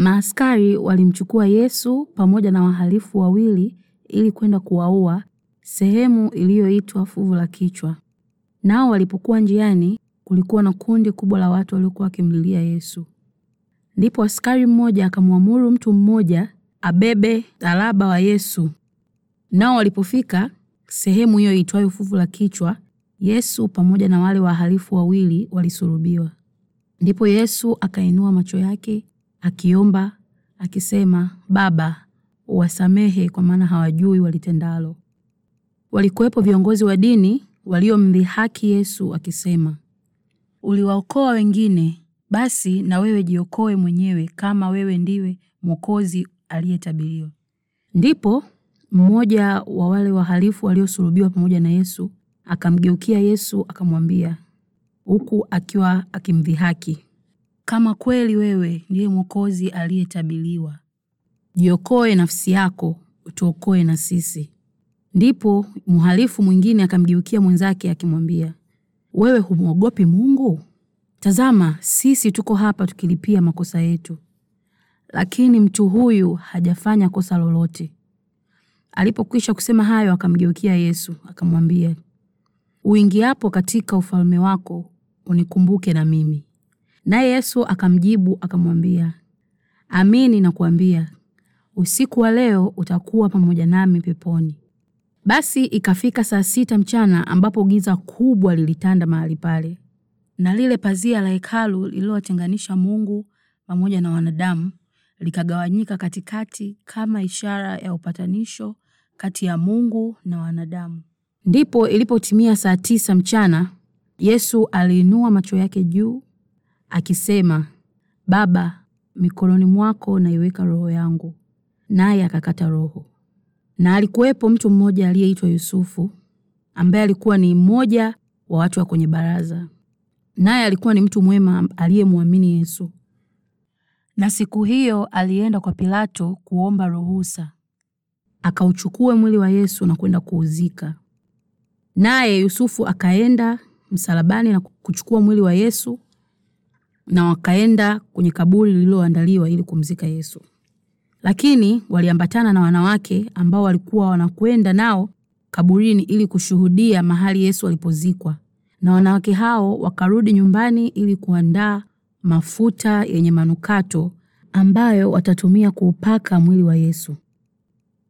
Maaskari walimchukua Yesu pamoja na wahalifu wawili ili kwenda kuwaua sehemu iliyoitwa fuvu la kichwa. Nao walipokuwa njiani, kulikuwa na kundi kubwa la watu waliokuwa wakimlilia Yesu. Ndipo askari mmoja akamwamuru mtu mmoja abebe msalaba wa Yesu. Nao walipofika sehemu hiyo iitwayo fuvu la kichwa, Yesu pamoja na wale wahalifu wawili walisulubiwa. Ndipo Yesu akainua macho yake akiomba akisema, Baba uwasamehe kwa maana hawajui walitendalo. Walikuwepo viongozi wa dini waliomdhihaki Yesu akisema, uliwaokoa wengine, basi na wewe jiokoe mwenyewe kama wewe ndiwe mwokozi aliyetabiriwa. Ndipo mmoja wa wale wahalifu waliosulubiwa pamoja na Yesu akamgeukia Yesu akamwambia, huku akiwa akimdhihaki, kama kweli wewe ndiye Mwokozi aliyetabiliwa. Jiokoe nafsi yako, utuokoe na sisi. Ndipo mhalifu mwingine akamgeukia mwenzake akimwambia, wewe humwogopi Mungu? Tazama, sisi tuko hapa tukilipia makosa yetu, lakini mtu huyu hajafanya kosa lolote. Alipokwisha kusema hayo, akamgeukia Yesu akamwambia, uingiapo katika ufalme wako unikumbuke na mimi. Naye Yesu akamjibu akamwambia, amini nakuambia, usiku wa leo utakuwa pamoja nami peponi. Basi ikafika saa sita mchana ambapo giza kubwa lilitanda mahali pale, na lile pazia la hekalu lililowatenganisha Mungu pamoja na wanadamu likagawanyika katikati kama ishara ya upatanisho kati ya Mungu na wanadamu. Ndipo ilipotimia saa tisa mchana, Yesu aliinua macho yake juu akisema, Baba, mikononi mwako naiweka roho yangu, naye akakata roho. Na alikuwepo mtu mmoja aliyeitwa Yusufu, ambaye alikuwa ni mmoja wa watu wa kwenye baraza, naye alikuwa ni mtu mwema aliyemwamini Yesu. Na siku hiyo alienda kwa Pilato kuomba ruhusa akauchukue mwili wa Yesu na kwenda kuuzika. Naye Yusufu akaenda msalabani na kuchukua mwili wa Yesu na wakaenda kwenye kaburi lililoandaliwa ili kumzika Yesu. Lakini waliambatana na wanawake ambao walikuwa wanakwenda nao kaburini ili kushuhudia mahali Yesu alipozikwa, na wanawake hao wakarudi nyumbani ili kuandaa mafuta yenye manukato ambayo watatumia kuupaka mwili wa Yesu.